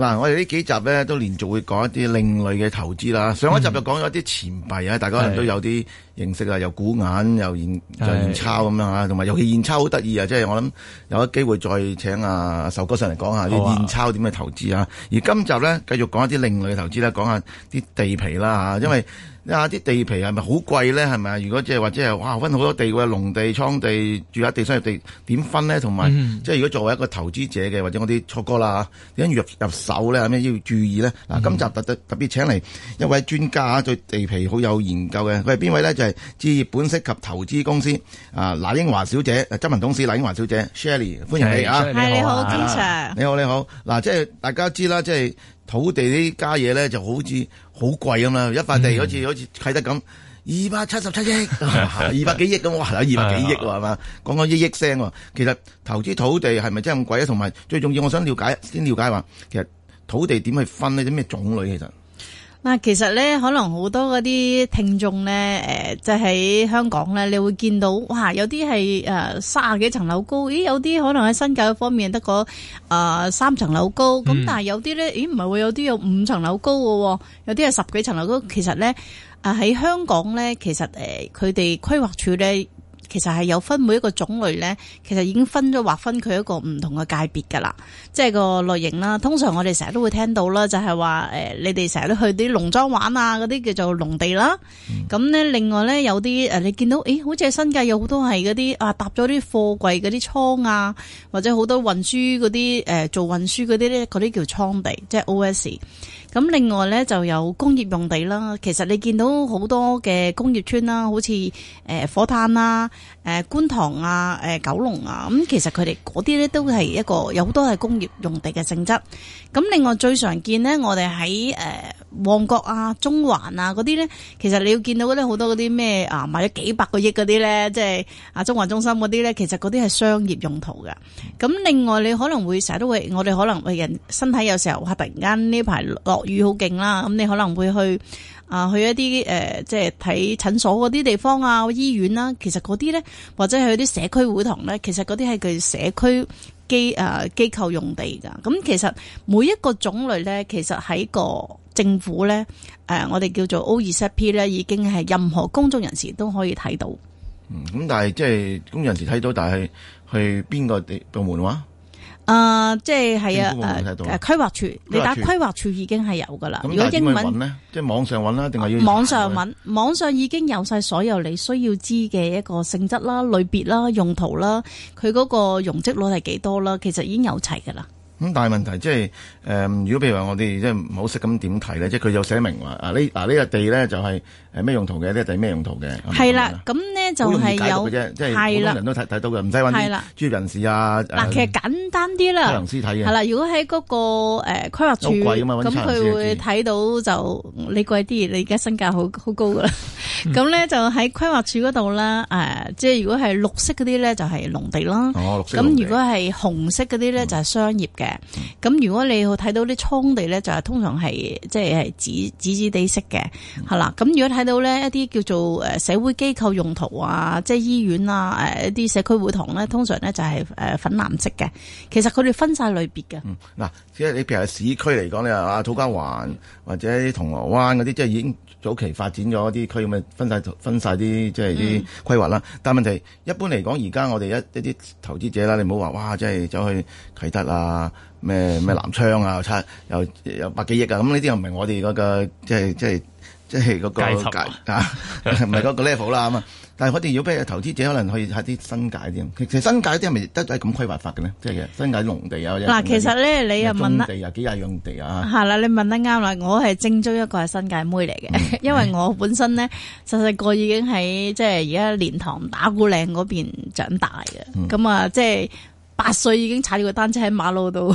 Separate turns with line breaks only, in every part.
嗱，我哋呢幾集咧都連續會講一啲另類嘅投資啦。上一集就講咗一啲錢幣啊，嗯、大家可能都有啲認識啦，的又古銀又現就的現鈔咁樣嚇，同埋尤其現鈔好得意啊！即係我諗有得機會再請阿、啊、仇哥上嚟講下啲、啊、現鈔點去投資啊。而今集咧繼續講一啲另類嘅投資啦，講下啲地皮啦嚇，因為、嗯、啊啲地皮係咪好貴咧？係咪啊？如果即係或者係哇分好多地嘅，農地、倉地、住宅地、商業地點分咧？同埋、嗯、即係如果作為一個投資者嘅，或者我啲初哥啦，點解要入入？入入走咧，咩要注意咧？嗱，今集特特特別請嚟一位專家，對、嗯啊、地皮好有研究嘅，佢係邊位咧？就係置業本色及投資公司啊，賴英華小姐，啊、執行董事賴英華小姐 Shelley 歡迎你啊！ 你好、啊，經常、啊，你好，你好。嗱、啊，即係大家知啦，即係土地呢家嘢咧，就好似好貴咁嘛。一塊地好似好似契得咁二百七十七億，二百、啊、幾億咁，哇、啊，有二百幾億喎，係、啊、嘛？講緊一億聲喎。其實投資土地係咪真係咁貴咧？同埋最重要，我想了解先了解話，其實。土地點去分呢啲咩種類其實？
嗱，其實咧，可能好多嗰啲聽眾咧，誒、呃，就喺、是、香港咧，你會見到，哇，有啲係誒三十幾層樓高，咦？有啲可能喺新界方面得個、呃、三層樓高，咁、嗯、但係有啲咧，咦？唔係會有啲有五層樓高嘅喎，有啲係十幾層樓高。其實咧，啊、呃、喺香港咧，其實誒，佢、呃、哋規劃處咧。其實係有分每一個種類咧，其實已經分咗劃分佢一個唔同嘅界別噶啦，即係個類型啦。通常我哋成日都會聽到啦，就係話誒，你哋成日都去啲農莊玩啊，嗰啲叫做農地啦。咁咧、嗯，另外咧有啲誒，你見到誒，好似係新界有好多係嗰啲啊，搭咗啲貨櫃嗰啲倉啊，或者好多運輸嗰啲誒，做運輸嗰啲咧，嗰啲叫倉地，即係 OS。咁另外咧就有工業用地啦，其實你見到好多嘅工業村啦，好似誒、呃、火炭啦、誒、呃、觀塘啊、誒、呃、九龍啊，咁其實佢哋嗰啲咧都係一個有好多係工業用地嘅性質。咁另外最常見咧，我哋喺誒。旺角啊，中環啊，嗰啲咧，其實你要見到啲好多嗰啲咩啊，賣咗幾百個億嗰啲咧，即係啊，中環中心嗰啲咧，其實嗰啲係商業用途噶。咁另外你可能會成日都會，我哋可能會人身體有時候吓突然間呢排落雨好勁啦，咁你可能會去啊去一啲誒、呃，即係睇診所嗰啲地方啊，醫院啦，啊，其實嗰啲咧或者去啲社區會堂咧，其實嗰啲係佢社區機誒機構用地噶。咁其實每一個種類咧，其實喺個。政府咧，誒、呃，我哋叫做 OZP 咧，已經係任何公眾人士都可以睇到。
嗯，咁但係即係公眾人士睇到，但係去邊個地部門話？
誒、呃，即係係啊，誒、呃、誒規劃處，劃你打規劃處已經係有噶啦。是如果英文，即
係、啊、網上揾啦，定係要網上揾？
網上已經有晒所有你需要知嘅一個性質啦、類別啦、用途啦，佢嗰個容積率係幾多啦？其實已經有齊噶啦。
咁但係問題即係誒，如果譬如話我哋即係唔好識咁點睇咧，即係佢有寫明話啊呢嗱呢個地咧就係係咩用途嘅？呢個地咩用途嘅？係啦，
咁咧就係有
係啦，人都睇睇到嘅，唔使揾專業人士啊。嗱，其實
簡單啲啦，執行師睇嘅係啦。如果喺嗰個誒規劃署咁，佢會睇到就你貴啲，你而家身價好好高㗎啦。咁咧就喺規劃署嗰度啦，誒，即係如果係綠色嗰啲咧就係農地啦，咁如果係紅色嗰啲咧就係商業嘅。咁、嗯、如果你去睇到啲倉地咧，就係通常係即係紫紫紫地色嘅，係啦。咁如果睇到咧一啲叫做誒社會機構用途啊，即係醫院啊，誒一啲社區會、會堂咧，通常咧就係誒粉藍色嘅。其實佢哋分晒類別嘅。
嗱、嗯，即係你譬如喺市區嚟講，你話啊土瓜灣或者銅鑼灣嗰啲，即係已經。早期發展咗啲區咁啊，分晒分曬啲即係啲規劃啦。嗯、但係問題，一般嚟講，而家我哋一一啲投資者啦，你唔好話哇，即係走去啟德啊，咩咩南昌啊，有有有百幾億啊。咁呢啲又唔係我哋嗰、嗰個即係即係即係嗰個階級策啊，啊，唔係嗰個 level 啦啊 但係我哋如果俾投資者可能去下啲新界啲。其實新界啲係咪得係咁規劃法嘅咧？即係新界農地啊，嗱，其實呢你又問得地啊，幾廿用地啊。係
啦，你問得啱啦，我係正宗一個係新界妹嚟嘅，嗯、因為我本身咧細細個已經喺即係而家蓮塘打鼓嶺嗰邊長大嘅，咁、嗯、啊即係。八歲已經踩住個單車喺馬路度，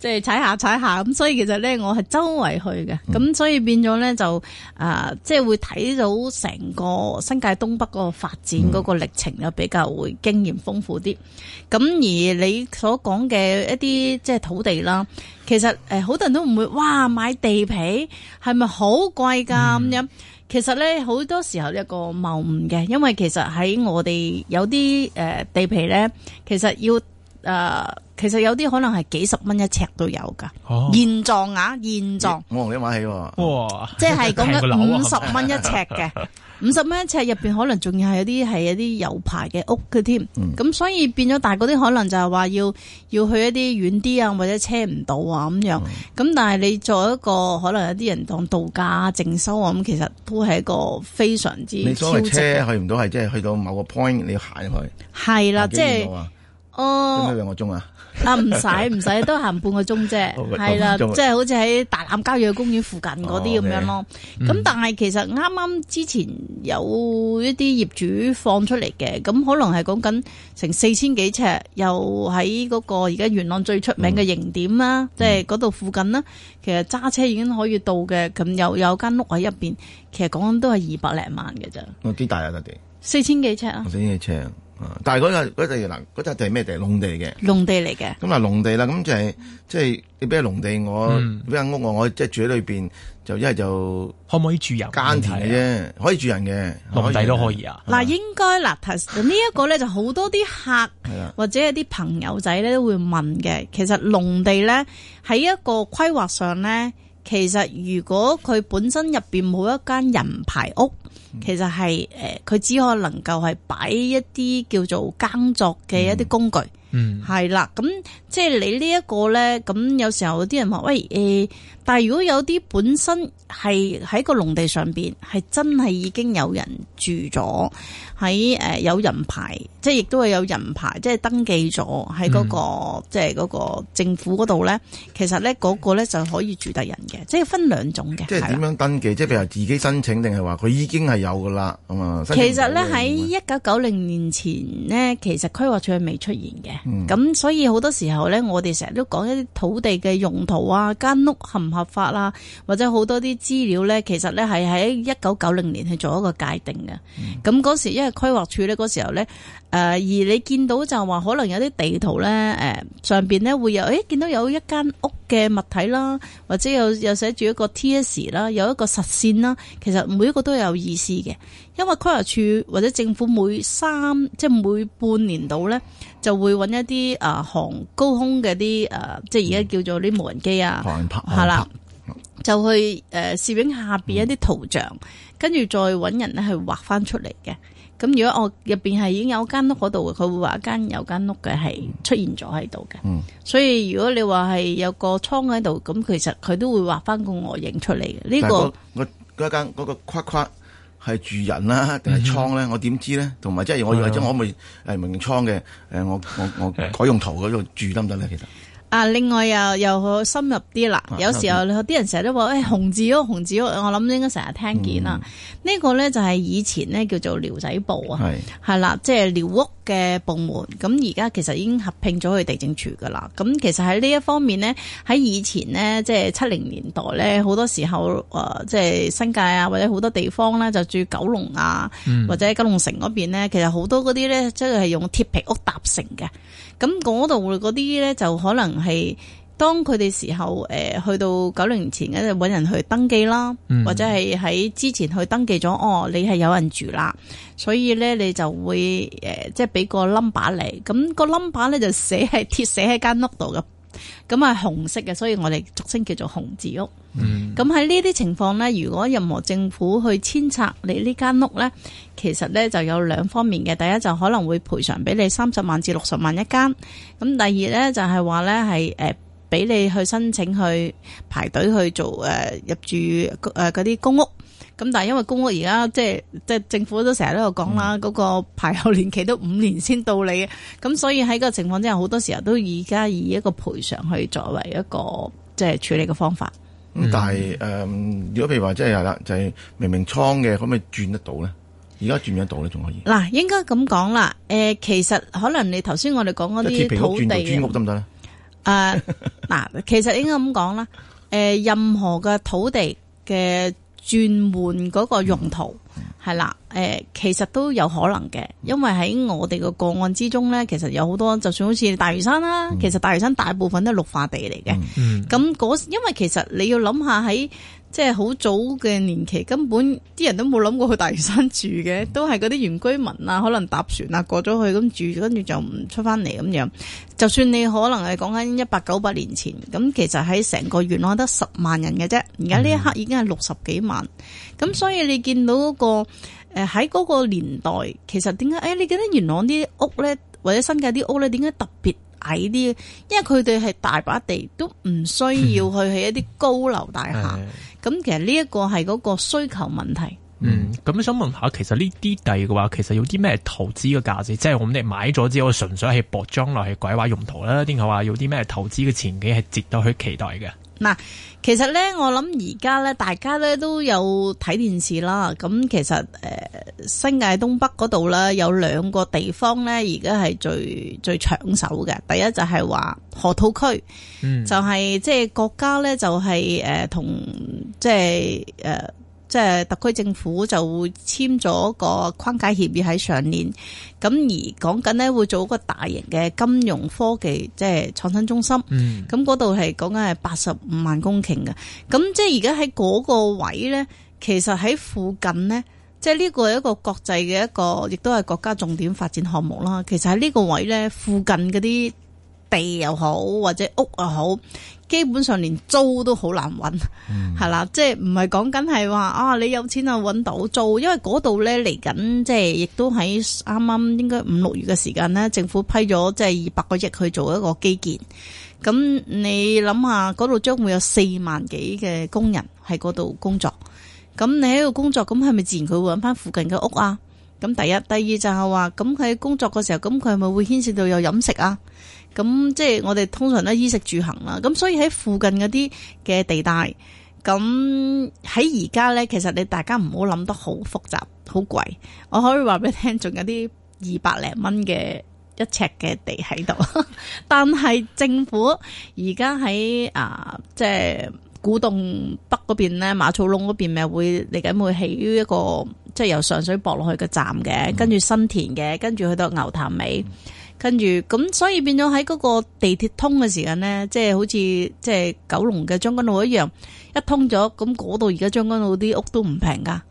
即係踩下踩下咁，所以其實咧，我係周圍去嘅，咁所以變咗咧就啊、呃，即係會睇到成個新界東北嗰個發展嗰個歷程又比較會經驗豐富啲。咁、嗯、而你所講嘅一啲即係土地啦，其實誒好多人都唔會哇買地皮係咪好貴噶咁樣？是是嗯、其實咧好多時候一個謬誤嘅，因為其實喺我哋有啲誒地皮咧，其實要。誒，其實有啲可能係幾十蚊一尺都有噶，現狀啊，現狀。
我同你買起，哇！即係講緊五十蚊一尺嘅，
五十蚊一尺入邊可能仲要係有啲係有啲有牌嘅屋嘅添，咁所以變咗大嗰啲可能就係話要要去一啲遠啲啊，或者車唔到啊咁樣。咁但係你作一個可能有啲人當度假淨收啊，咁其實都係一個非常之你租個車去
唔到，係即係去到某個 point 你要行去
係啦，即係。哦，應該兩個鐘啊？ 啊，唔使唔使，都行半個鐘啫，係啦，即係好似喺大欖郊野公園附近嗰啲咁樣咯。咁、嗯、但係其實啱啱之前有一啲業主放出嚟嘅，咁可能係講緊成四千幾尺，又喺嗰個而家元朗最出名嘅營點啦，即係嗰度附近啦。其實揸車已經可以到嘅，咁又有間屋喺入邊，其實講緊都係二百零萬嘅咋。哦，幾大啊嗰啲？四千幾尺啊？
四千幾尺。嗯、但係嗰個地嗱，笪地係咩地？農、就是嗯、地嘅，
農地嚟嘅。咁啊，
農地啦，咁就係即係你俾咗農地，我俾間屋我，嗯、我即係住喺裏邊，就一係就可唔可以住人？耕田嘅啫，啊、可以住人嘅，農地都可以啊。
嗱、啊、吧應該嗱，這個、呢一個咧就好多啲客 或者係啲朋友仔咧都會問嘅。其實農地咧喺一個規劃上咧，其實，如果佢本身入邊冇一間人牌屋，嗯、其實係誒，佢只可能夠係擺一啲叫做耕作嘅一啲工具，係啦、嗯。咁即係你呢一個咧，咁有時候啲人話：喂誒、呃，但係如果有啲本身。係喺個農地上邊，係真係已經有人住咗喺誒，有人牌，即係亦都係有人牌，即係登記咗喺嗰個、嗯、即係個政府嗰度咧。其實咧嗰個咧就可以住得人嘅，即係分兩種嘅。即係點
樣登記？即係譬如自己申請，定係話佢已經係有噶啦？咁啊，其實咧喺
一九九零年前呢，其實規劃署係未出現嘅。咁、嗯、所以好多時候咧，我哋成日都講一啲土地嘅用途啊，間屋合唔合法啊，或者好多啲。資料咧，其實咧係喺一九九零年去做一個界定嘅。咁嗰、嗯、時因為規劃署咧，嗰時候咧，誒、呃、而你見到就話可能有啲地圖咧，誒、呃、上邊咧會有，誒、欸、見到有一間屋嘅物體啦，或者有有寫住一個 T.S. 啦，有一個實線啦，其實每一個都有意思嘅。因為規劃署或者政府每三即係每半年度咧，就會揾一啲啊航高空嘅啲誒，即係而家叫做啲無人機啊，係、嗯、啦。就去誒，攝影下邊一啲圖像，跟住、嗯、再搵人咧去畫翻出嚟嘅。咁如果我入邊係已經有間屋嗰度，佢會畫間有間屋嘅係出現咗喺度嘅。嗯、所以如果你話係有個倉喺度，咁其實佢都會畫翻個外形出嚟嘅。呢、這個
我嗰間嗰個框框係住人啦、啊，定係倉咧？我點知咧？同埋即係我或者、嗯、我咪誒、嗯、明倉嘅？誒，我我我， 我改用途嗰度住得唔得咧？其實？
啊！另外又又好深入啲啦，啊、有時候有啲、啊、人成日都話，誒、嗯，紅字屋、紅字屋，我諗應該成日聽見啦。呢、嗯、個咧就係以前咧叫做寮仔部啊，係是啦，即係寮屋。嘅部門，咁而家其實已經合併咗去地政處噶啦。咁其實喺呢一方面咧，喺以前咧，即係七零年代咧，好多時候誒，即係新界啊，或者好多地方咧，就住九龍啊，或者九龍城嗰邊咧，嗯、其實好多嗰啲咧，即係用鐵皮屋搭成嘅。咁嗰度嗰啲咧，就可能係。當佢哋時候，誒、呃、去到九零年前嗰陣揾人去登記啦，嗯、或者係喺之前去登記咗。哦，你係有人住啦，所以咧你就會誒、呃、即係俾個 number 嚟，咁、咁個 number 咧就寫喺貼寫喺間屋度嘅，咁啊紅色嘅，所以我哋俗稱叫做紅字屋。咁喺呢啲情況咧，如果任何政府去遷拆你呢間屋咧，其實咧就有兩方面嘅，第一就可能會賠償俾你三十萬至六十萬一間，咁第二咧就係話咧係誒。俾你去申請去排隊去做誒、呃、入住誒嗰啲公屋，咁但係因為公屋而家即係即係政府都成日都有講啦，嗰、嗯、個排候年期都五年先到你，咁所以喺個情況之下，好多時候都而家以一個賠償去作為一個即係處理嘅方法。
嗯、但係誒、呃，如果譬如話即係係啦，就係、是、明明倉嘅可唔可以轉得到咧？而家轉得到咧，仲可以？
嗱，應該咁講啦。誒、呃，其實可能你頭先我哋講嗰啲土地、磚屋得唔得咧？誒，嗱， uh, 其實應該咁講啦，誒，任何嘅土地嘅轉換嗰個用途係啦，誒、呃，其實都有可能嘅，因為喺我哋嘅個案之中咧，其實有好多，就算好似大嶼山啦，其實大嶼山大部分都係綠化地嚟嘅，咁嗰，因為其實你要諗下喺。即係好早嘅年期，根本啲人都冇諗過去大嶼山住嘅，都係嗰啲原居民啊，可能搭船啊過咗去咁住，跟住就唔出翻嚟咁樣。就算你可能係講緊一八九八年前，咁其實喺成個元朗得十萬人嘅啫，而家呢一刻已經係六十幾萬，咁、嗯、所以你見到嗰、嗰個誒喺嗰個年代，其實點解誒？你覺得元朗啲屋咧，或者新界啲屋咧，點解特別矮啲？因為佢哋係大把地，都唔需要去喺一啲高樓大廈。 咁其實呢一個係嗰個需求問題。
嗯，咁、嗯、想問下，其實呢啲地嘅話，其實有啲咩投資嘅價值？即係我哋買咗之後，純粹係博將來係規劃用途啦，定係話有啲咩投資嘅前景係值得去期待嘅？
嗱，其實咧，我諗而家咧，大家咧都有睇電視啦。咁其實，誒，新界東北嗰度咧，有兩個地方咧，而家係最最搶手嘅。第一就係話河套區，嗯、就係、是、即係國家咧、就是，就係誒同即係誒。呃即係特區政府就會簽咗個框架協議喺上年，咁而講緊咧會做一個大型嘅金融科技即係創新中心，咁嗰度係講緊係八十五萬公頃嘅，咁即係而家喺嗰個位咧，其實喺附近咧，即係呢個係一個國際嘅一個，亦都係國家重點發展項目啦。其實喺呢個位咧，附近嗰啲。地又好，或者屋又好，基本上連租都好難揾，係啦、嗯，即係唔係講緊係話啊，你有錢啊，揾到租，因為嗰度呢嚟緊，即係亦都喺啱啱應該五六月嘅時間呢，政府批咗即係二百個億去做一個基建。咁你諗下，嗰度將會有四萬幾嘅工人喺嗰度工作。咁你喺度工作，咁係咪自然佢會揾翻附近嘅屋啊？咁第一、第二就係話咁佢喺工作嘅時候，咁佢係咪會牽涉到有飲食啊？咁即係我哋通常都衣食住行啦，咁所以喺附近嗰啲嘅地帶，咁喺而家呢，其實你大家唔好諗得好複雜，好貴。我可以話俾你聽，仲有啲二百零蚊嘅一尺嘅地喺度。 但係政府而家喺啊，即係古洞北嗰邊呢，馬草壟嗰邊咪會嚟緊會起一個，即係由上水駁落去嘅站嘅、嗯，跟住新田嘅，跟住去到牛潭尾。跟住咁，所以變咗喺嗰個地鐵通嘅時間咧，即係好似即係九龍嘅將軍澳一樣，一通咗，咁嗰度而家將軍澳啲屋都唔平噶，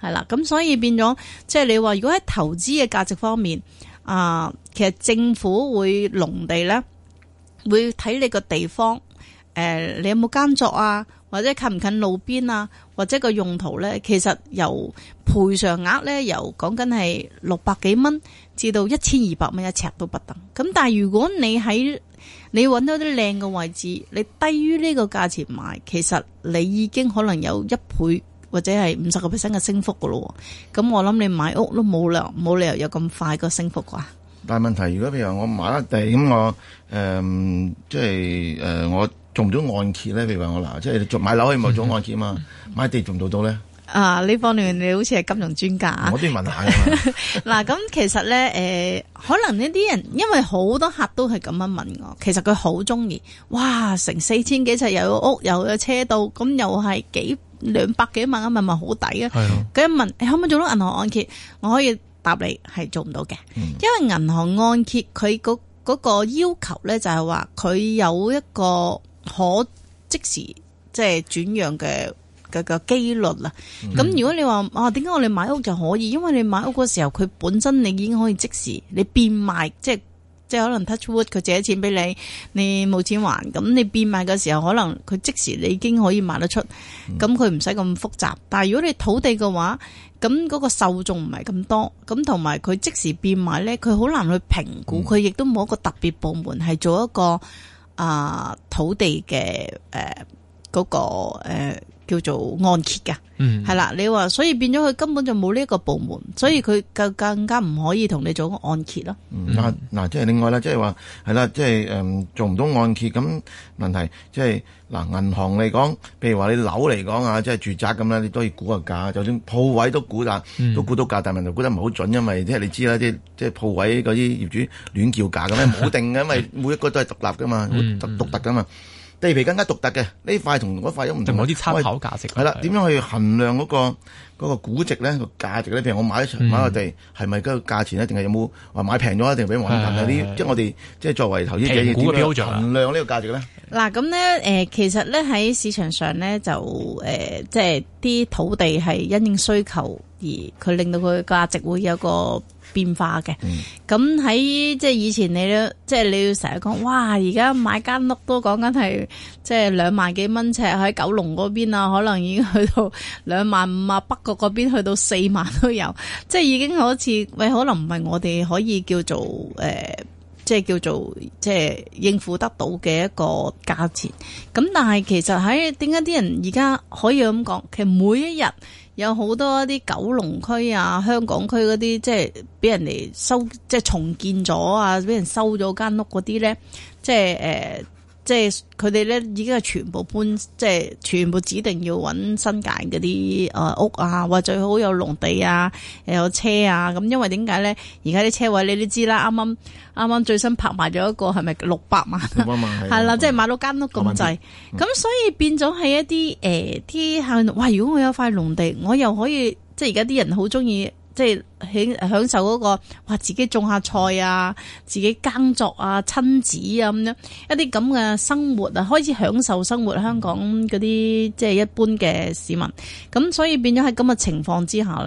係啦。咁所以變咗，即係你話如果喺投資嘅價值方面，啊，其實政府會農地咧，會睇你個地方，誒、啊，你有冇耕作啊？或者近唔近路邊啊，或者個用途咧，其實由賠償額咧，由講緊係六百幾蚊至到一千二百蚊一尺都不等。咁但係如果你喺你揾到啲靚嘅位置，你低於呢個價錢買，其實你已經可能有一倍或者係五十個 percent 嘅升幅噶咯。咁我諗你買屋都冇啦，冇理由有咁快個升幅啩？
但係問題，如果譬如我買得地咁，呃就是呃，我誒即係誒我。做唔到按揭咧？譬如話我嗱，即係做買樓可以做按揭啊嘛，買地仲做到咧？
啊，呢方面你好似係金融專家啊！我都要問下嘅嘛。嗱，咁其實咧，誒，可能呢啲人因為好多客都係咁樣問我，其實佢好中意，哇，成四千幾尺有屋有車到，咁又係幾兩百幾萬啊？問問好抵啊！佢一問可唔可以做到銀行按揭？我可以答你係做唔到嘅，因為銀行按揭佢嗰嗰個要求咧就係話佢有一個。可即時即係轉讓嘅嘅嘅機率啦。咁、嗯、如果你話啊，點解我哋買屋就可以？因為你買屋嘅時候，佢本身你已經可以即時你變賣，即係即係可能 touch wood，佢借咗錢俾你，你冇錢還，咁你變賣嘅時候，可能佢即時你已經可以賣得出。咁佢唔使咁複雜。但係如果你土地嘅話，咁嗰個受眾唔係咁多，咁同埋佢即時變賣呢，佢好難去評估，佢亦都冇一個特別部門係做一個。啊，土地嘅誒嗰個誒，呃叫做按揭噶，係啦、嗯，你話，所以變咗佢根本就冇呢一個部門，所以佢就更加唔可以同你做按揭咯。
嗱嗱、嗯，即係、嗯、另外啦，即係話係啦，即係誒做唔到按揭咁問題、就是，即係嗱銀行嚟講，譬如話你樓嚟講啊，即係住宅咁啦，你都可以估下價，就算鋪位都估啦，嗯、都估到價，但係問題估得唔好準，因為即係你知啦，即係即係鋪位嗰啲業主亂叫價咁樣，唔好 定嘅，因為每一個都係獨立噶、嗯、嘛，獨獨特噶嘛。地皮更加獨特嘅，呢塊同嗰塊有唔同，就唔係啲參考價值。係啦，點樣去衡量嗰、嗰個嗰個估值咧、個價值咧？譬如我買一場、嗯、買個地，係咪個價錢一定係，有冇話買平咗一定比黃金啲，即係我哋即係作為投資者要點衡量呢個價值咧？
嗱、嗯，咁咧誒，其實咧喺市場上咧就誒、呃，即係啲土地係因應需求而佢令到佢價值會有個。變化嘅，咁喺即係以前你都，即係你要成日講，哇！而家買間屋都講緊係即係兩萬幾蚊尺喺九龍嗰邊啊，可能已經去到兩萬五啊，北角嗰邊去到四萬都有，即係已經好似喂，可能唔係我哋可以叫做誒，即係叫做即係應付得到嘅一個價錢。咁但係其實喺點解啲人而家可以咁講？其實每一日。有好多啲九龍區啊、香港區嗰啲，即係畀人哋收，即係重建咗啊，畀人收咗間屋嗰啲咧，即係誒。呃即係佢哋咧，已經係全部搬，即係全部指定要揾新界嗰啲誒屋啊，或最好有農地啊，又有車啊。咁因為點解咧？而家啲車位你都知啦，啱啱啱啱最新拍賣咗一個係咪六百萬？六百萬係。係啦， 即係買到間屋咁滯。咁萬所以變咗係一啲誒啲客，哇！如果我有塊農地，我又可以，即係而家啲人好中意。即係享享受嗰個，哇！自己種下菜啊，自己耕作啊，親子啊咁樣，一啲咁嘅生活啊，開始享受生活。香港嗰啲即係一般嘅市民，咁所以變咗喺咁嘅情況之下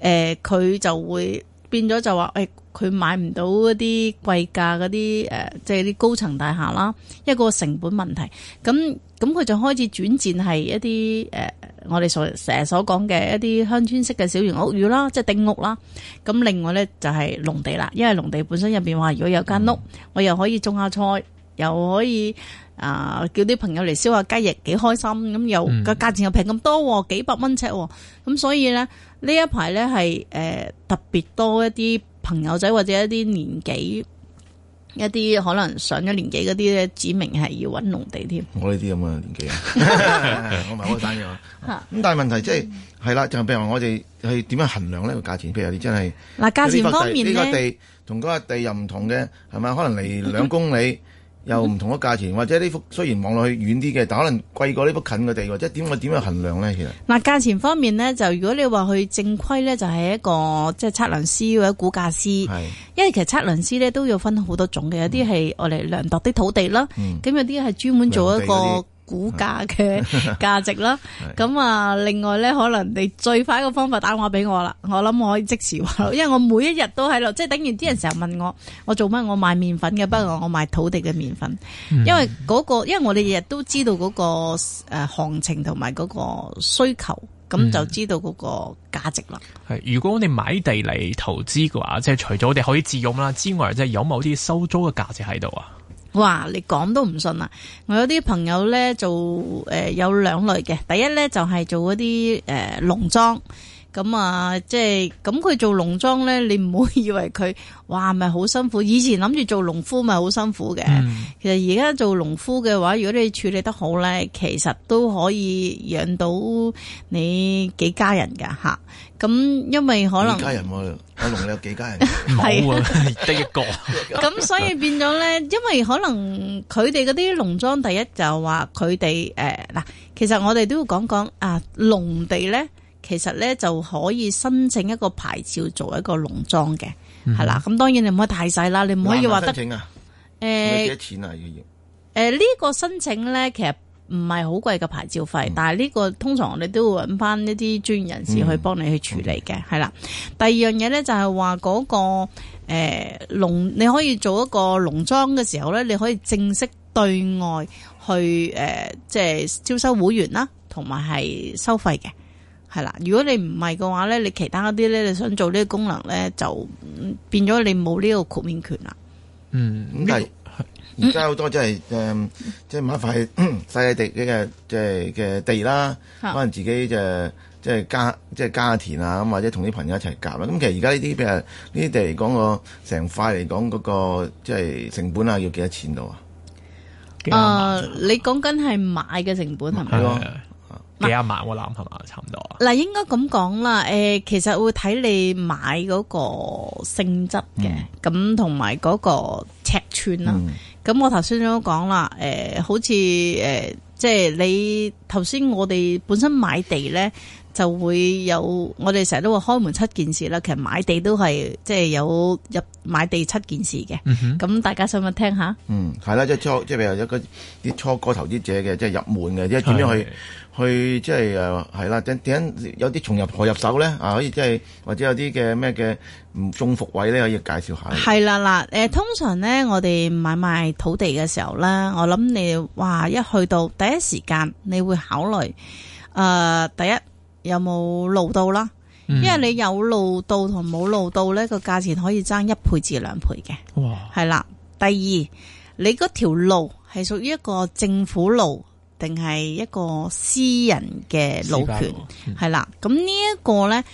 咧，誒，佢就會變咗就話，誒，佢買唔到一啲貴價嗰啲，誒，即係啲高層大廈啦，一個成本問題。咁咁佢就開始轉戰係一啲，誒。我哋所成日所講嘅一啲鄉村式嘅小型屋宇啦，即係丁屋啦。咁另外咧就係農地啦，因為農地本身入邊話，如果有間屋，我又可以種下菜，又可以啊、呃、叫啲朋友嚟燒下雞翼，幾開心。咁又個價錢又平咁多，幾百蚊尺。咁所以咧，呢一排咧係誒特別多一啲朋友仔或者一啲年紀。一啲可能上咗年紀嗰啲咧，指明係
要揾農地添。我呢啲咁嘅年紀，我唔係好山嘅。
咁
但係問題即係係啦，就譬、是、如話我哋係點樣衡量呢個價錢？譬如你真係嗱、啊，價錢方面呢個地同嗰、這個、個地又唔同嘅，係咪？可能離兩公里。 又唔同嘅價錢，或者呢幅雖然望落去遠啲嘅，但可能貴過呢幅近嘅地喎。即係點我點樣衡量咧？其實
嗱，價錢方面咧，就如果你話去正規咧，就係、係、一個即係測量師或者估價師，係因為其實測量師咧都要分好多種嘅，有啲係我哋量度啲土地啦，咁、嗯、有啲係專門做一個。股價嘅價值啦，咁啊， 另外咧，可能你最快一個方法打電話俾我啦，我諗我可以即時話，因為我每一日都喺度，即係等於啲人成日問我，我做乜？我賣麵粉嘅，不過我賣土地嘅麵粉。嗯、因為嗰個，因為我哋日日都知道嗰個誒行情同埋嗰個需求，咁就知道嗰個價值啦。係、嗯，
如果我哋買地嚟投資嘅話，即係除咗我哋可以自用啦之外，即係有冇啲收租嘅價值喺度啊？
哇！你講都唔信啊！我有啲朋友咧做誒、呃、有兩類嘅，第一咧就係、是、做嗰啲誒農莊。呃咁啊，即係咁佢做農莊咧，你唔好以為佢哇，咪好辛苦。以前諗住做農夫咪好辛苦嘅。其實而家做農夫嘅話，如果你處理得好咧，其實都可以養到你幾家人噶吓。咁、啊、因為可能，幾家人
我農有幾家人， 好啊，得 有一個 。
咁 所以變咗咧，因為可能佢哋嗰啲農莊，第一就話佢哋誒嗱，其實我哋都要講講啊，農地咧。其實咧就可以申請一個牌照，做一個農莊嘅，係啦、嗯。咁當然你唔可以太細啦，你唔可以話得誒幾、啊
欸、多錢啊？呢、欸
呢個申請呢，其實唔係好貴嘅牌照費，嗯、但係呢個通常我哋都會搵翻一啲專業人士去幫你去處理嘅，係啦。第二樣嘢呢、那個，就係話嗰個誒農，你可以做一個農莊嘅時候呢，你可以正式對外去誒、呃、即係招收會員啦，同埋係收費嘅。係啦，如果你唔係嘅話咧，你其他啲咧，你想做呢個功能咧，就變咗你冇呢個豁免權啦。嗯，咁
但係、這個。而家好多即係誒，即係買塊細細哋嘅地嘅，即係嘅地啦，就是、地是的 可能自己就即、是、係、就是、家即係、就是、家田啊，咁、就是、或者同啲朋友一齊夾啦。咁、嗯、其實而家呢啲譬如呢啲地嚟講、那個成塊嚟講嗰個即係、就是、成本啊，要幾多錢到啊？誒，
你講緊係買嘅成本係咪？
幾阿萬？我諗係咪差唔多
啊？嗱，應該咁講啦。誒，其實會睇你買嗰個性質嘅，咁同埋嗰個尺寸啦。咁、嗯、我頭先都講啦，誒、呃，好似誒、呃，即係你頭先我哋本身買地咧，就會有我哋成日都會開門七件事啦。其實買地都係即係有入買地七件事嘅。咁、嗯、哼大家想唔想聽下？嗯，
係啦，即係初即係譬如一個啲初哥投資者嘅，即係入門嘅，即係點樣去。去即係誒係啦，點點有啲從入何入手咧？啊，可以即係或者有啲嘅咩嘅唔中伏位咧，可以介紹下。
係啦啦誒，通常咧我哋買賣土地嘅時候咧，我諗你哇一去到第一時間，你會考慮誒、呃、第一有冇路道啦，因為你有路道同冇路道咧，個價錢可以爭一倍至兩倍嘅。哇！係啦，第二，你嗰條路係屬於一個政府路。定係一個私人嘅路權，係啦。咁、嗯、呢一個咧，誒、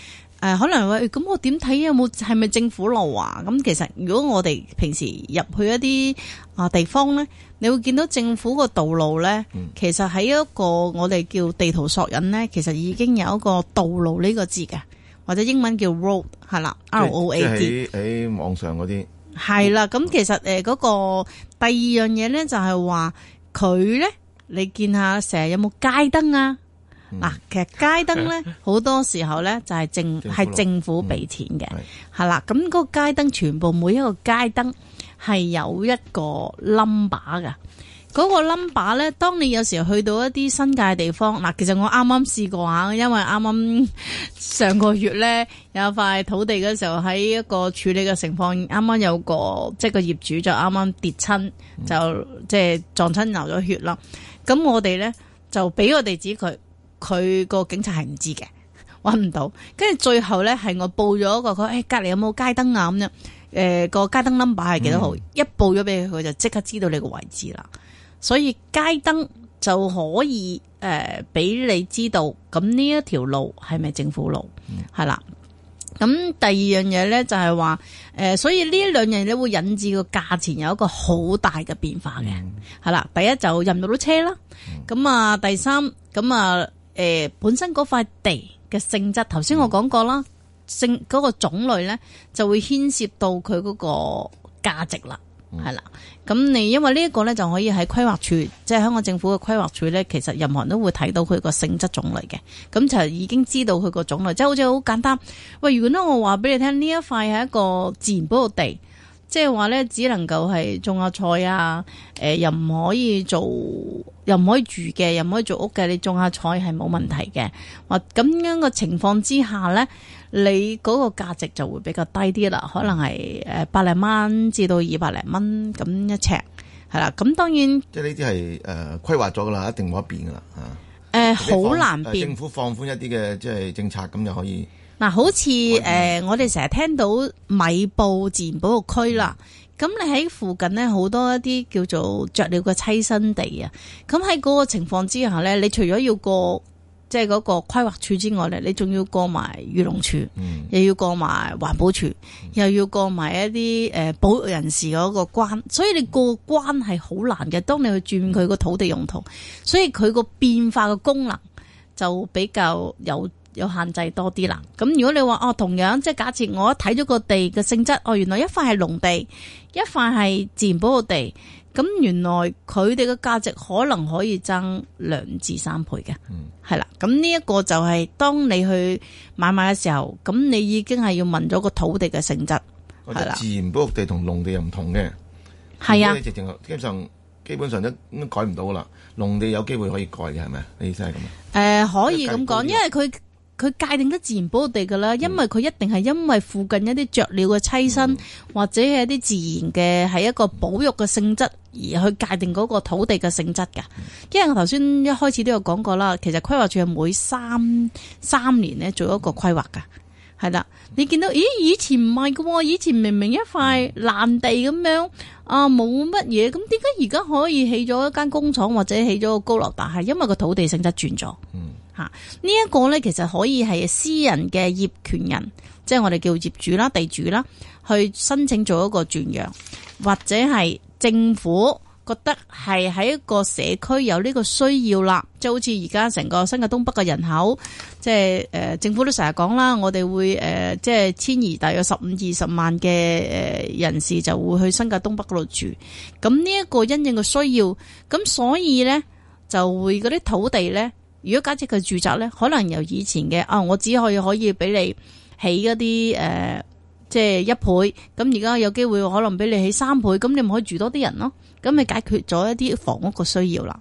呃、可能喂，咁、欸、我點睇有冇係咪政府路啊？咁其實如果我哋平時入去一啲啊地方咧，你會見到政府個道路咧，嗯、其實喺一個我哋叫地圖索引咧，其實已經有一個道路呢個字嘅，或者英文叫 road 係啦，R O A D
喺喺網上嗰啲
係啦。咁其實誒嗰個第二樣嘢咧，就係話佢咧。你見下成日有冇街燈啊？嗱、嗯，其實街燈咧好多時候咧就係政係政府俾錢嘅，係啦、嗯。咁嗰、嗰個街燈全部每一個街燈係有一個 number 嘅。嗰、嗰個 number 咧，當你有時候去到一啲新界地方，嗱，其實我啱啱試過下，因為啱啱上個月咧有塊土地嘅時候喺一個處理嘅情況，啱啱有個即係個業主就啱啱跌親，就即係撞親流咗血啦。嗯咁我哋咧就俾個地址佢，佢個警察係唔知嘅，揾唔到。跟住最後咧係我報咗個佢，誒，隔、欸、籬有冇街燈啊咁樣？誒、呃，個街燈 number 係幾多號？嗯、一報咗俾佢，佢就即刻知道你個位置啦。所以街燈就可以誒俾、呃、你知道，咁呢一條路係咪政府路？係、嗯、啦。咁第二樣嘢咧就係話，誒、呃，所以呢兩樣都會引致個價錢有一個好大嘅變化嘅，係啦、mm hmm.，第一就入唔到車啦，咁啊、mm hmm. 第三，咁啊，誒，本身塊地嘅性質，頭先我講過啦，mm hmm. 性、嗰個種類咧就會牽涉到佢個價值啦。係啦，咁你、嗯、因為呢一個咧就可以喺規劃處，即係香港政府嘅規劃處咧，其實任何人都會睇到佢個性質種類嘅，咁就已經知道佢個種類，即係好似好簡單。喂，如果咧我話俾你聽，呢一塊係一個自然保育地，即係話咧只能夠係種下菜啊，誒、呃、又唔可以做，又唔可以住嘅，又唔可以做屋嘅，你種下菜係冇問題嘅。話咁樣嘅情況之下咧。你嗰個價值就會比較低啲啦，可能係誒百零蚊至到二百零蚊咁一尺，係啦。咁當然
即係呢啲係誒規劃咗噶啦，一定冇得變噶啦。誒、啊，好、呃、難變。政府放寬一啲嘅即係政策，咁就可以。
嗱、啊，好似誒、呃、我哋成日聽到米埔自然保護區啦，咁你喺附近咧好多一啲叫做雀鳥嘅棲身地啊，咁喺嗰個情況之下咧，你除咗要過。即係嗰個規劃處之外咧，你仲要過埋漁農處，又要過埋環保處，又要過埋一啲誒保育人士嗰個關，所以你過關係好難嘅。當你去轉佢個土地用途，所以佢個變化嘅功能就比較有有限制多啲啦。咁如果你話哦，同樣即係假設我一睇咗個地嘅性質，哦原來一塊係農地，一塊係自然保護地。咁原來佢哋嘅價值可能可以增兩至三倍嘅，係啦、嗯。咁呢一個就係當你去買賣嘅時候，咁你已經係要問咗個土地嘅性質，係啦。自
然保育地同農地又唔同嘅，係啊的，直情基本上基本上都改唔到啦。農地有機會可以改嘅係咪？你意思係咁啊？
誒、呃，可以咁講，因為佢。佢界定咗自然保育地噶啦，因為佢一定係因為附近一啲雀鳥嘅棲身，嗯、或者係一啲自然嘅，係一個保育嘅性質而去界定嗰個土地嘅性質噶。嗯、因為我頭先一開始都有講過啦，其實規劃處係每三三年咧做一個規劃噶，係啦、嗯。你見到，咦？以前唔係噶，以前明明一塊爛地咁樣啊，冇乜嘢，咁點解而家可以起咗一間工廠或者起咗個高樓？但係因為個土地性質轉咗。嗯吓呢一個咧，其實可以係私人嘅業權人，即係我哋叫業主啦、地主啦，去申請做一個轉讓，或者係政府覺得係喺一個社區有呢個需要啦，即係好似而家成個新界東北嘅人口，即係誒、呃、政府都成日講啦，我哋會誒、呃、即係遷移大約十五二十萬嘅誒人士就會去新界東北嗰度住。咁呢一個因應嘅需要，咁所以咧就會嗰啲土地咧。如果假設佢住宅咧，可能由以前嘅啊，我只可以可以俾你起一啲誒、呃、即係一倍，咁而家有機會可能俾你起三倍，咁你咪可以住多啲人咯，咁咪解決咗一啲房屋個需要啦。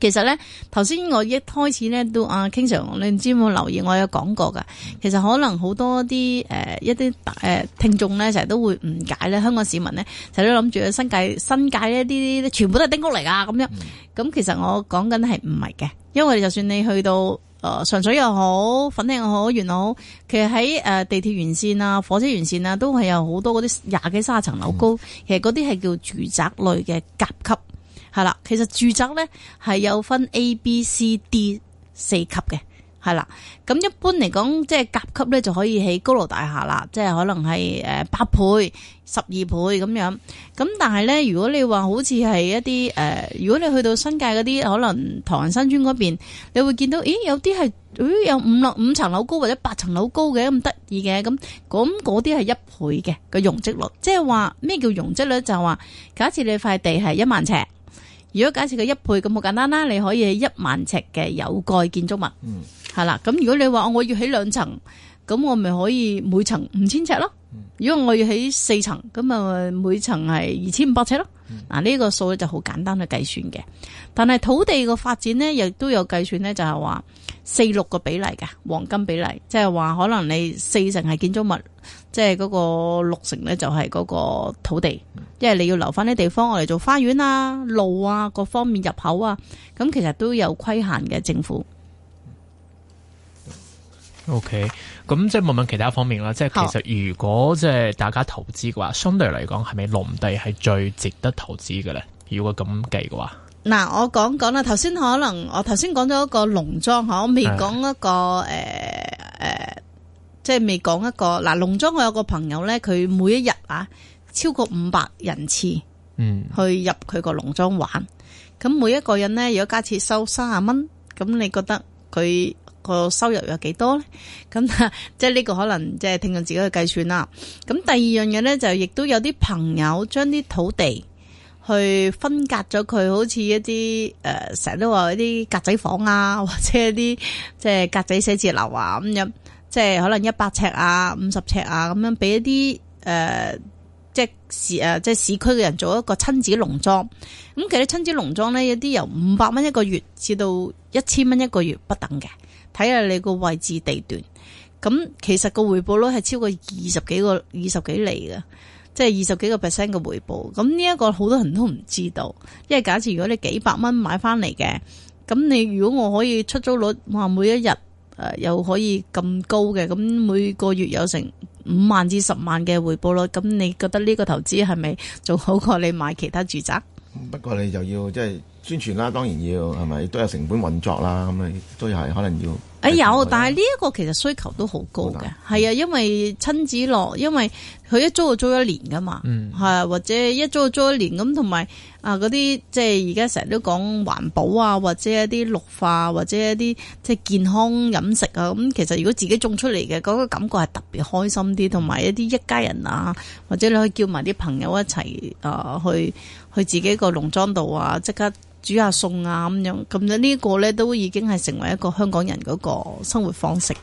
其實咧，頭先我一開始咧都啊，King Sir，你唔知有冇留意，我有講過噶。其實可能好多啲誒一啲誒、呃呃、聽眾咧，成日都會誤解咧，香港市民咧，成日都諗住新界新界一啲，全部都係丁屋嚟噶咁樣。咁、嗯、其實我講緊係唔係嘅，因為就算你去到誒、呃、上水又好，粉嶺又好，元朗，其實喺誒、呃、地鐵沿線啊，火車沿線啊，都係有好多嗰啲廿幾、卅層樓高，嗯、其實嗰啲係叫住宅類嘅甲級。係啦，其實住宅咧係有分 A、B、C、D 四級嘅，係啦。咁一般嚟講，即係甲級咧就可以起高樓大廈啦，即係可能係誒八倍、十二倍咁樣。咁但係咧，如果你話好似係一啲誒、呃，如果你去到新界嗰啲，可能唐人新村嗰邊，你會見到，咦，有啲係誒有五六五層樓高或者八層樓高嘅咁得意嘅，咁咁嗰啲係一倍嘅個容積率。即係話咩叫容積率，就係話假設你塊地係一萬尺。如果假設佢一倍咁好簡單啦，你可以起一萬尺嘅有蓋建築物，係啦、嗯。咁如果你話我要起兩層，咁我咪可以每層五千尺咯。嗯、如果我要起四層，咁啊每層係二千五百尺咯。嗱、嗯，呢個數就好簡單去計算嘅。但係土地嘅發展咧，亦都有計算咧，就係話。四六個比例嘅黃金比例，即係話可能你四成係建築物，即係嗰個六成呢就係嗰個土地，因為你要留翻啲地方我哋做花園啊、路啊各方面入口啊，咁其實都有規限嘅政府。
OK，咁即係問問其他方面啦，即係其實如果即係大家投資嘅話，好相對嚟講係咪農地係最值得投資嘅咧？如果咁計嘅話。
嗱，我講講啦。頭先可能我頭先講咗一個農莊嗬，我未講一個誒誒的、呃，即係未講一個嗱，農莊。農莊我有個朋友咧，佢每一日啊超過五百人次，嗯，去入佢個農莊玩。咁每一個人咧，如果加設收三十蚊，咁你覺得佢個收入有幾多咧？咁即係呢個可能即係聽緊自己嘅計算啦。咁第二樣嘢咧，就亦都有啲朋友將啲土地去分隔咗佢，好似一啲誒，成、呃、日都話一啲格仔房啊，或者一啲即係格仔寫字樓啊咁樣，即係可能一百尺啊、五十尺啊咁樣，俾一啲誒、呃，即係市誒，即係市區嘅人做一個親子農莊。咁其實親子農莊咧，有啲由五百蚊一個月至到一千蚊一個月不等嘅，睇下你個位置地段。咁其實個回報率係超過二十幾個、二十幾厘嘅。即係二十幾個 percent 嘅回報，咁呢一個好多人都唔知道，因為假設如果你幾百蚊買翻嚟嘅，咁你如果我可以出租率，話，每一日誒又可以咁高嘅，咁每個月有成五萬至十萬嘅回報率，咁你覺得呢個投資係咪仲好過你買其他住宅？
不過你就要即係。宣傳啦，當然要係咪都有成本運作啦，咁啊都係可能要。誒、
哎、有，但係呢一個其實需求都好高打嘅，係啊，因為親子樂，因為佢一租就租一年噶嘛，係、嗯、或者一租就租一年咁，同埋啊嗰啲即係而家成日都講環保啊，或者一啲綠化，或者一啲即係健康飲食啊，咁其實如果自己種出嚟嘅，嗰、那個感覺係特別開心啲，同埋一啲一家人啊，或者你可以叫埋啲朋友一齊啊、呃、去去自己個農莊度啊，即刻～煮下餸啊咁樣，咁咧呢個咧都已經係成為一個香港人嗰個生活方式。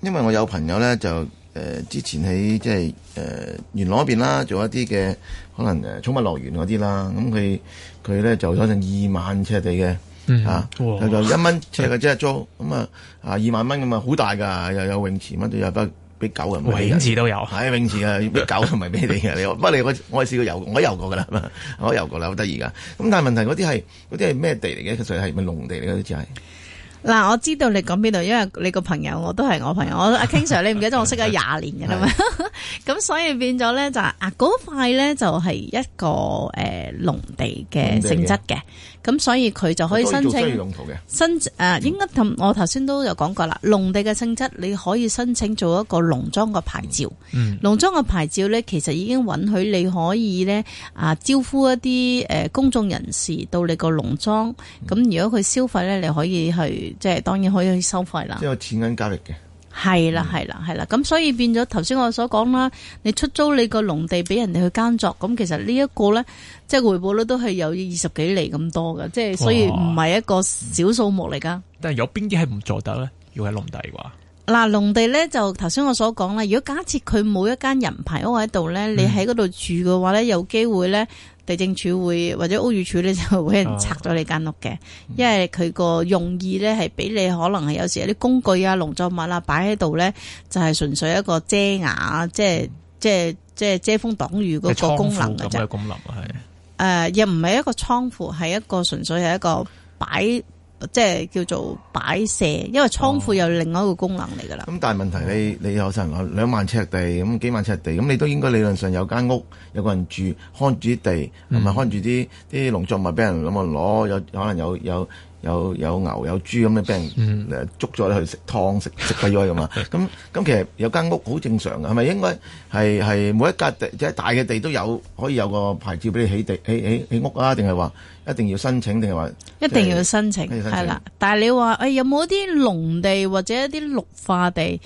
因為我有朋友咧就誒、呃、之前喺即係誒元朗嗰邊啦，做一啲嘅可能誒寵、呃、物樂園嗰啲啦，咁佢佢咧就有成二萬尺地嘅，啊， 就一蚊尺嘅啫租，咁啊啊二萬蚊咁啊，好大㗎，又有泳池乜都有得。俾狗啊！泳池都有，係泳池啊！俾狗唔係俾你嘅， 你不你我我係試過游，我游過噶啦，我游過啦，好得意噶。咁但係問題嗰啲係嗰啲係咩地嚟嘅？其實係咪農地嚟嘅？好似係
嗱，我知道你講邊度，因為你個朋友我都係我朋友， 我阿 King Sir，你唔記得我識咗廿年嘅啦嘛，咁 的 所以變咗咧就係、啊嗰塊咧就係一個誒農、呃、地嘅性質嘅。咁所以佢就可以申請，用途申請誒、啊、應該同我頭先都有講過啦。農地嘅性質你可以申請做一個農莊嘅牌照。農莊嘅牌照咧，其實已經允許你可以咧啊招呼一啲誒公眾人士到你個農莊。咁、嗯、如果佢消費咧，你可以去即係當然可以去收費啦。即係
錢銀交易嘅。
係啦，係啦，係啦，咁所以變咗頭先我所講啦，你出租你個農地俾人哋去耕作。咁其實呢、這、一個咧，即係回報率都係有二十幾厘咁多噶，即係哇所以唔係一個小數目嚟噶。
但係有邊啲係唔做得咧？要喺係農地嘅話
嗱，農地咧就頭先我所講啦。如果假設佢冇一間人排屋喺度咧，嗯、你喺嗰度住嘅話咧，有機會咧，地政處地政署會或者屋宇署咧就會俾人拆咗你間屋嘅，啊嗯、因為佢個用意咧係俾你可能係有時有啲工具啊、農作物啊擺喺度咧，就係、是、純粹一個遮瓦，即係、嗯、即係即係遮風擋雨嗰個功能㗎啫。誒、呃，又唔係一個倉庫，係一個純粹係一個擺。嗯即係叫做擺設，因為倉庫有另外一個功能嚟
㗎啦。咁、哦、但係問題你，你你有成兩萬尺地，咁幾萬尺地，咁你都應該理論上有間屋，有個人住，看住啲地，同埋、嗯、看住啲啲農作物俾人咁樣攞，有可能有有。有有牛有豬咁嘅俾人捉咗去食湯食食雞哀嘛？咁咁 其實有間屋好正常嘅，係咪應該係係每一笪地即係大嘅地都有可以有個牌照俾你起地起起起屋啊？定係話一定要申請定係話？係係一定要申請係啦。
但係你話誒、欸，有冇一啲農地或者一啲綠化地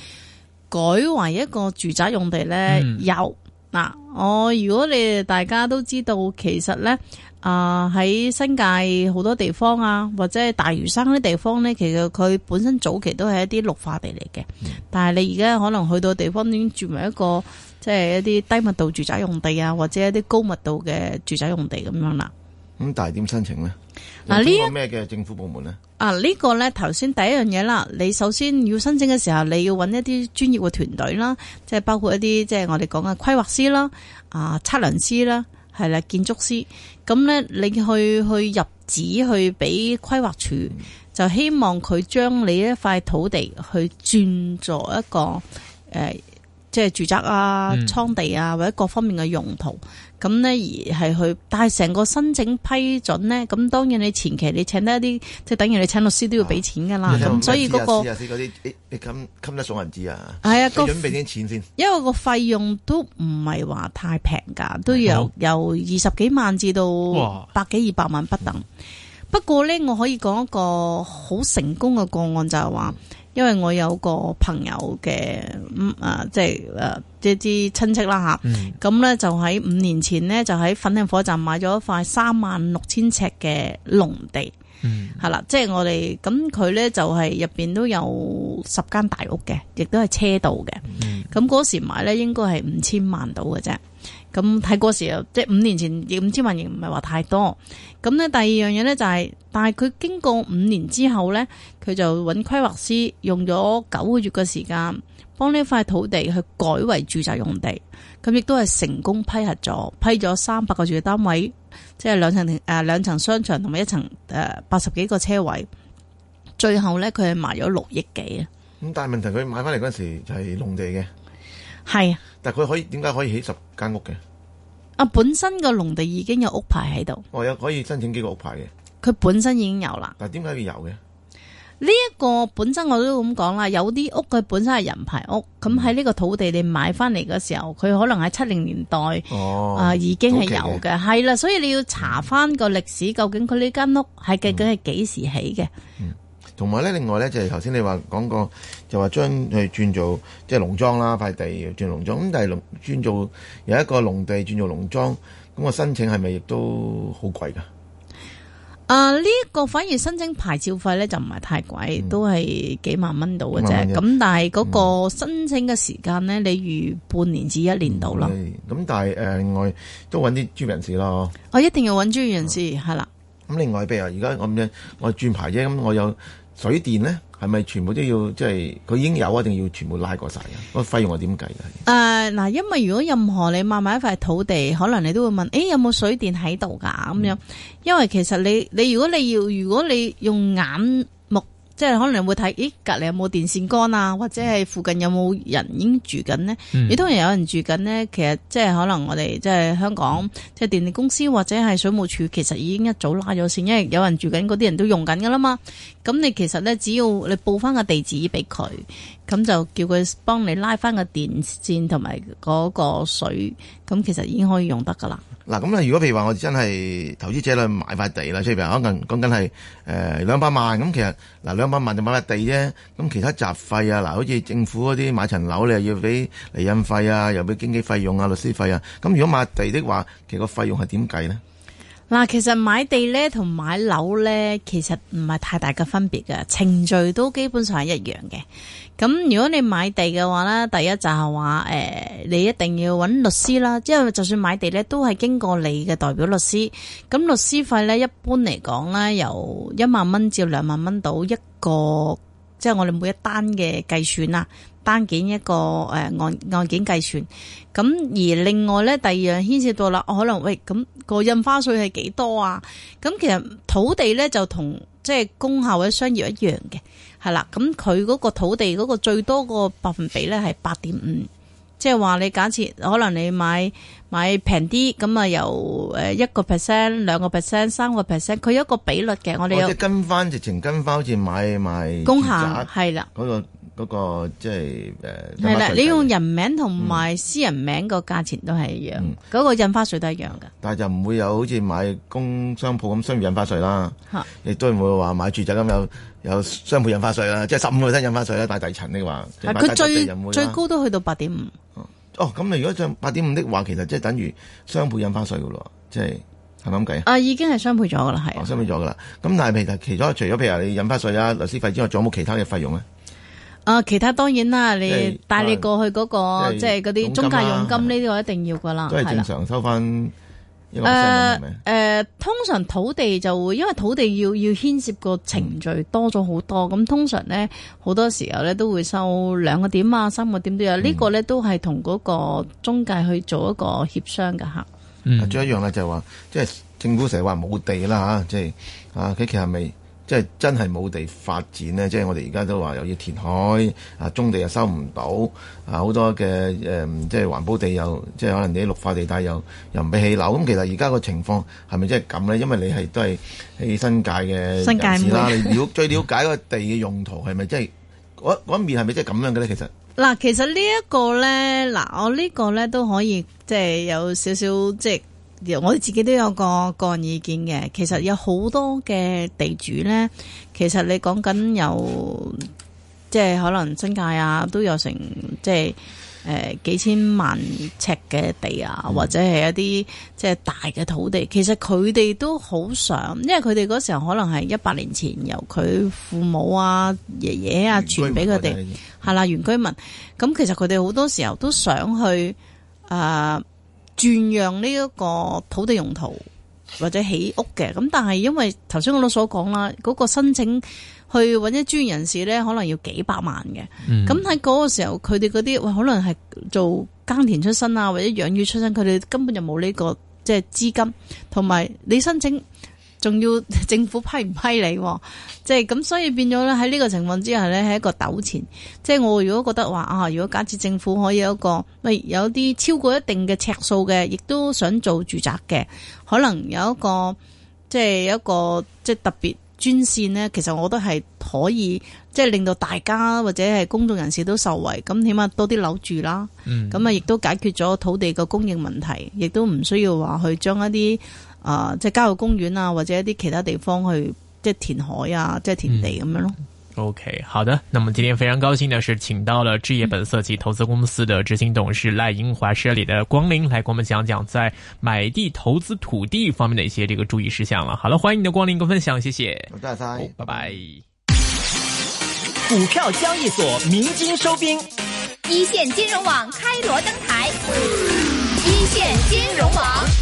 改為一個住宅用地咧？嗯、有嗱，我如果你大家都知道，其實咧。啊！喺、uh, 新界好多地方啊，或者係大嶼山啲地方咧，其實佢本身早期都係一啲綠化地嚟嘅。嗯、但係你而家可能去到地方已經轉為一個，即、就、係、是、一啲低密度住宅用地啊，或者一啲高密度嘅住宅用地咁樣啦。咁但係點申請咧？啊呢個
咩嘅政府部門咧？
啊、這個、呢個咧，頭先第一樣嘢啦，你首先要申請嘅時候，你要搵一啲專業嘅團隊啦，即係包括一啲即係我哋講嘅規劃師啦，啊測量師啦。啊係啦，建築師咁咧，你去去入紙，去俾規劃署，嗯、就希望佢將你一塊土地去轉作一個誒、呃，即係住宅啊、倉地啊，或者各方面嘅用途。咁咧而係去，但係成個申請批准咧，咁當然你前期你請得一啲，即係等於你請律師都要俾錢噶啦。咁、啊嗯、所以嗰、那個，啲，你
你冚冚得上銀紙啊？係啊，個準備啲錢先。
因為個費用都唔係話太平㗎，都要好由二十幾萬至到百幾二百萬不等。哇不過咧，我可以講一個好成功嘅個案就係、是、話。因為我有個朋友嘅，咁、嗯、啊，即係誒、啊啊，一啲親戚啦吓，咁咧就喺五年前咧就喺粉嶺火站買咗一塊三萬六千尺嘅農地，係啦、啊，即係我哋咁佢咧就係入邊都有十間大屋嘅，亦都係車道嘅，咁嗰、嗯啊、時買咧應該係五千萬到嘅啫。咁睇嗰個時候，即係五年前，五千萬亦唔係話太多。咁呢第二樣嘢呢，就係、是，但係佢經過五年之後呢，佢就揾規劃師用咗九個月嘅時間，幫呢一塊土地去改為住宅用地，咁亦都係成功批核咗，批咗三百個住宅單位，即係兩層誒兩層商場同埋一層誒、呃、八十幾個車位。最後呢，佢係賣咗六億幾啊！咁
但係問題，佢買翻嚟嗰時就係農地嘅，係。但佢可以點解可以起十間屋嘅？
啊，本身個農地已經有屋牌喺度。
哦，有可以申請幾個屋牌嘅。
佢本身已
經有啦。但點解要有嘅？
呢一個本身我都咁講啦，有啲屋佢本身係人牌屋，咁喺呢個土地你買翻嚟嘅時候，佢可能喺七零年代
啊、哦呃、已經係有嘅，
係啦 okay.，所以你要查翻個歷史，究竟佢呢間屋係究竟係幾時起嘅？嗯
同埋咧，另外咧就係頭先你話講過，就話將佢轉做即係農莊啦，塊地轉農莊咁，但係農轉做有一個農地轉做農莊，咁、那個申請係咪亦都好貴㗎？啊、呃，呢、
這、一個反而申請牌照費咧就唔係太貴，嗯、都係幾萬蚊度嘅啫。咁但係嗰個申請嘅時間咧，你預、嗯、半年至一年度啦。
咁、嗯、但係誒、呃，另外都揾啲專業人士咯。
我一定要揾專業人士，係啦。
咁另外，譬如而家我唔知我轉牌啫，咁我有。水電咧係咪全部都要即係佢已經有，一定要全部拉過晒？個、哦、費用我點計嘅？
誒，嗱，因為如果任何你買買一塊土地，可能你都會問，誒，有冇水電喺度㗎？咁樣，嗯、因為其實你你如果你要如果你用眼。即係可能你會睇，咦隔籬有冇電線杆啊，或者係附近有冇人已經住緊呢？如果當有人住緊呢，其實即係可能我哋即係香港即係電力公司或者係水務署，其實已經一早拉咗線，因為有人住緊嗰啲人都用緊噶啦嘛。咁你其實呢，只要你報翻個地址俾佢。咁就叫佢幫你拉翻個電線同埋嗰個水，咁其實已經可以
用得噶啦。嗱、啊，咁咧如果譬如話我真係投資者去買塊地啦，即係譬如講緊講緊係誒兩百萬，咁其實嗱兩百萬就買塊地啫，咁其他雜費啊，嗱、啊、好似政府嗰啲買層樓你又要俾釐印費啊，又要俾經紀費用啊、律師費啊，咁如果買塊地的話，其實個費用係點計呢？
嗱，其實買地咧同買樓咧，其實唔係太大嘅分別嘅，程序都基本上係一樣嘅。咁如果你買地嘅話咧，第一就係話誒，你一定要揾律師啦，因為就算買地咧都係經過你嘅代表律師。咁律師費咧，一般嚟講咧，由一萬蚊至兩萬蚊到一個，即係我哋每一單嘅計算啦。單件一個誒案案件計算，咁而另外咧第二樣牽涉到啦、哦，可能喂咁、咁個印花稅係幾多啊？咁其實土地咧就同即係工廈或者商業一樣嘅，係啦。咁佢嗰個土地嗰個最多個百分比咧係八點五，即係話你假設可能你買買平啲，咁啊由誒一個 percent、兩個 percent、三個 percent，佢有一個比率嘅。哦、我哋有即
跟翻直情跟翻好似買買工廈係啦個。嗰、那個即係誒，係、呃、啦，嗯、水水你用
人名同埋私人名個價錢都係一樣，嗰、嗯、個印花稅都一樣嘅。
但係就唔會有好似買工商鋪咁雙倍印花稅啦，亦都唔會話買住宅咁有有雙倍印花稅啦，即係十五 percent 印花稅啦。但底層你話，但係最最高都
去到八點
五。哦，咁你如果將八點五的話，其實即係等於雙倍印花稅嘅咯，即係係咪咁計啊？已經係雙倍咗嘅啦，係、哦、雙倍咗嘅啦。咁但係其實除咗除咗譬如話你印花稅啊、律師費之外，仲有冇其他嘅費用咧？
啊！其他當然啦，你帶你過去嗰、那個即係嗰啲中介佣金呢啲、啊，我一定要噶啦，都係正常
收翻、啊。
誒誒嗎、啊，通常土地就會因為土地要要牽涉個程序多咗好多，咁、嗯、通常咧好多時候咧都會收兩個點啊，三個點都有。嗯、個呢個咧都係同嗰個中介去做一個協商噶吓。
仲、嗯啊、一樣咧就係話，即、就、係、是、政府成日話冇地啦吓，即係啊，佢、啊、其實未。即係真係冇地發展咧，即係我哋而家都話又要填海，啊，中地又收唔到，啊，好多嘅誒，即係環保地又，即係可能啲綠化地帶又又唔俾起樓。咁其實而家個情況係咪真係咁咧？因為你係都係起新界嘅人士啦，你了，最了解個地嘅用途係咪即係嗰面係咪即係咁樣嘅咧？其實
嗱，其實呢一個咧，嗱，我呢個咧都可以即係有少少即係。我哋自己都有個個人意見嘅，其實有好多嘅地主咧，其實你講緊有即係可能新界啊，都有成即係誒、呃、幾千萬尺嘅地啊，嗯、或者係一啲即係大嘅土地，其實佢哋都好想，因為佢哋嗰時候可能係一百年前由佢父母啊、爺爺啊傳俾佢哋，係啦，原居民。咁、嗯、其實佢哋好多時候都想去啊。呃轉讓呢一個土地用途或者起屋嘅，咁但係因為頭先我都所講啦，嗰個申請去揾一專業人士咧，可能要幾百萬嘅。咁喺嗰個時候，佢哋嗰啲喂，可能係做耕田出身啊，或者養魚出身，佢哋根本就冇呢個即係資金，同埋你申請。仲要政府批唔批你？即係咁，所以變咗咧喺呢個情況之下咧，係一個糾纏。即係我如果覺得話啊，如果假設政府可以有一個喂，有啲超過一定嘅尺數嘅，亦都想做住宅嘅，可能有一個即係有一個即係特別專線咧。其實我都係可以即係令到大家或者係公眾人士都受惠。咁起碼多啲樓住啦。咁啊，亦都解決咗土地嘅供應問題，亦都唔需要話去將一啲。啊、呃，即係郊野公園啊，或者一啲其他地方去，即填海啊，即係填地咁樣咯、嗯。
OK，好的，那麼今天非常高興的是，請到了置業本色及投資公司的執行董事賴英華先生的光臨，來跟我們講講在買地投資土地方面的一些這個注意事項啦、啊。好了，歡迎你的光臨跟分享，謝謝。拜拜。Oh, bye bye，股票交易所明金收兵，一線金融網開鑼登台，一線金融網。